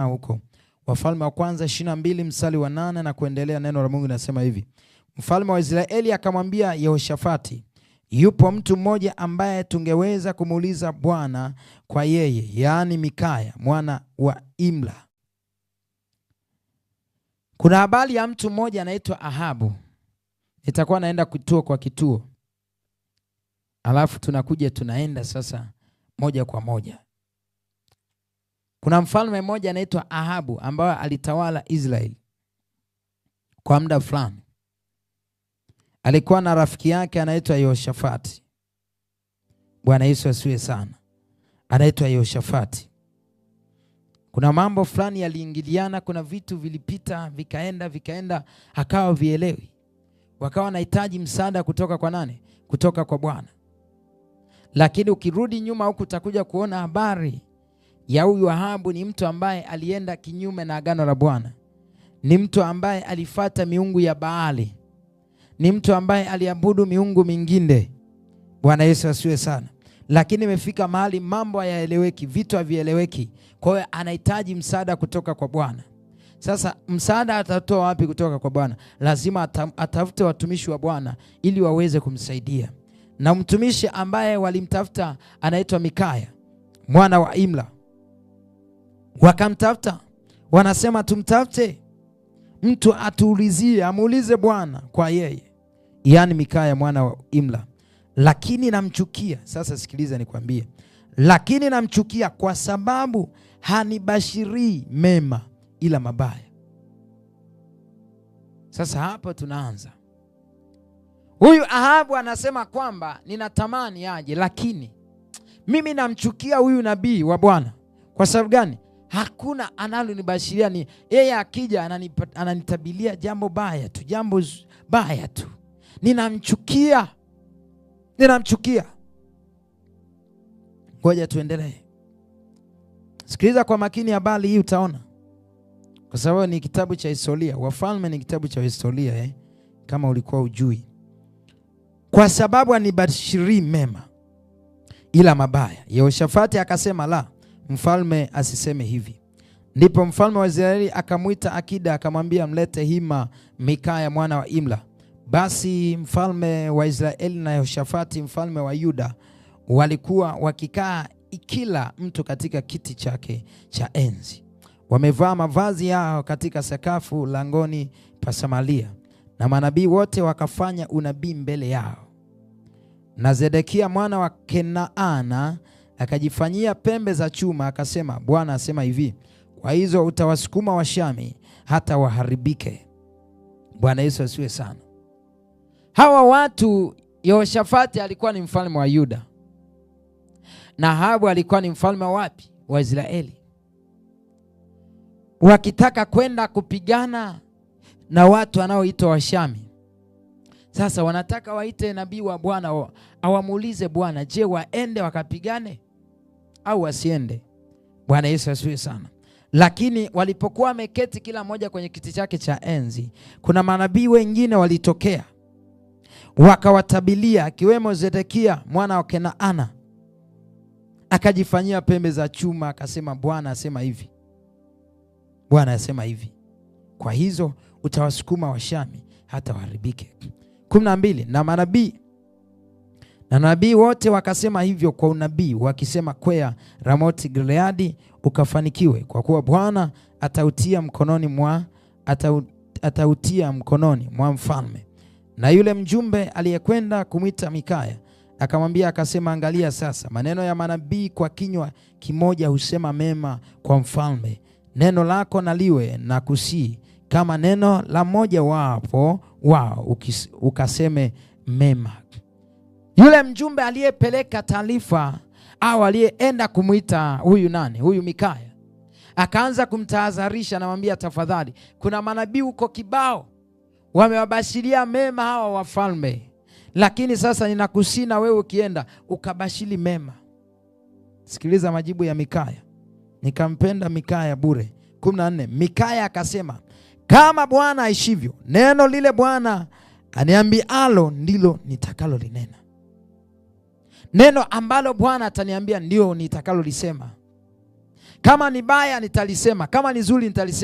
Ah, huko. Wafalme wa kwanza mbili mstari wa nane na kuendelea, neno la Mungu linasema hivi: Mfalme wa Israeli akamwambia Yehoshafati, yupo mtu mmoja ambaye tungeweza kumuuliza Bwana kwa yeye, yaani Mikaya mwana wa Imla. Kuna habari ya mtu mmoja anaitwa Ahabu. Nitakuwa naenda kituo kwa kituo, alafu tunakuja tunaenda sasa moja kwa moja. Kuna mfalme mmoja anaitwa Ahabu ambaye alitawala Israeli kwa muda fulani. Alikuwa na rafiki yake anaitwa Yehoshafati. Bwana Yesu asiwe sana, anaitwa Yehoshafati. Kuna mambo fulani yaliingiliana, kuna vitu vilipita vikaenda vikaenda, akawa vielewi, wakawa wanahitaji msaada kutoka kwa nani? Kutoka kwa Bwana. Lakini ukirudi nyuma huku utakuja kuona habari ya huyu Ahabu ni mtu ambaye alienda kinyume na agano la Bwana, ni mtu ambaye alifata miungu ya Baali, ni mtu ambaye aliabudu miungu mingine. Bwana Yesu asiwe sana, lakini imefika mahali mambo hayaeleweki, vitu havieleweki. Kwa hiyo anahitaji msaada kutoka kwa Bwana. Sasa msaada atatoa wapi kutoka kwa Bwana? Lazima atafute watumishi wa Bwana ili waweze kumsaidia, na mtumishi ambaye walimtafuta anaitwa Mikaya mwana wa Imla. Wakamtafuta, wanasema tumtafute mtu atuulizie, amuulize Bwana kwa yeye, yaani Mikaya mwana wa Imla. Lakini namchukia. Sasa sikiliza nikwambie, lakini namchukia kwa sababu hanibashirii mema ila mabaya. Sasa hapa tunaanza. Huyu Ahabu anasema kwamba ninatamani aje, lakini mimi namchukia huyu nabii wa Bwana. Kwa sababu gani? hakuna analonibashiria ni yeye. Akija ananitabilia jambo baya tu, jambo baya tu, ninamchukia, ninamchukia. Ngoja tuendelee, sikiliza kwa makini habari hii, utaona kwa sababu ni kitabu cha historia. Wafalme ni kitabu cha historia eh? Kama ulikuwa ujui, kwa sababu anibashiri mema ila mabaya. Yehoshafati akasema la mfalme asiseme hivi. Ndipo mfalme wa Israeli akamwita akida akamwambia, mlete hima Mikaya mwana wa Imla. Basi mfalme wa Israeli na Yehoshafati mfalme wa Yuda walikuwa wakikaa kila mtu katika kiti chake cha enzi, wamevaa mavazi yao katika sakafu langoni pa Samaria, na manabii wote wakafanya unabii mbele yao. Na Zedekia mwana wa Kenaana akajifanyia pembe za chuma, akasema, Bwana asema hivi, kwa hizo utawasukuma Washami hata waharibike. Bwana Yesu asiwe sana. Hawa watu, Yehoshafati alikuwa ni mfalme wa Yuda, Nahabu alikuwa ni mfalme wapi? Wa Israeli. Wakitaka kwenda kupigana na watu wanaoitwa Washami. Sasa wanataka waite nabii wa Bwana awamuulize Bwana, je, waende wakapigane? au asiende. Bwana Yesu asifiwe sana. Lakini walipokuwa wameketi kila mmoja kwenye kiti chake cha enzi, kuna manabii wengine walitokea wakawatabilia, akiwemo Zedekia mwana wa Kenaana, akajifanyia pembe za chuma, akasema, Bwana asema hivi, Bwana asema hivi, kwa hizo utawasukuma Washami hata waharibike. kumi na mbili na manabii na nabii wote wakasema hivyo kwa unabii, wakisema, kwea Ramoti Gileadi ukafanikiwe, kwa kuwa Bwana atautia mkononi mwa atau, atautia mkononi mwa mfalme. Na yule mjumbe aliyekwenda kumwita Mikaya akamwambia akasema, angalia sasa, maneno ya manabii kwa kinywa kimoja husema mema kwa mfalme. Neno lako naliwe na kusii kama neno la mmoja wapo wao ukaseme mema. Yule mjumbe aliyepeleka taarifa au aliyeenda kumwita huyu nani, huyu Mikaya, akaanza kumtahadharisha, namwambia tafadhali, kuna manabii huko kibao wamewabashiria mema hawa wafalme, lakini sasa ninakusina wewe ukienda ukabashiri mema. Sikiliza majibu ya Mikaya. Nikampenda Mikaya bure. 14 Mikaya akasema, kama Bwana aishivyo, neno lile Bwana aniambialo ndilo nitakalolinena neno ambalo Bwana ataniambia ndio nitakalolisema. Kama ni baya nitalisema, kama ni zuri nitalisema.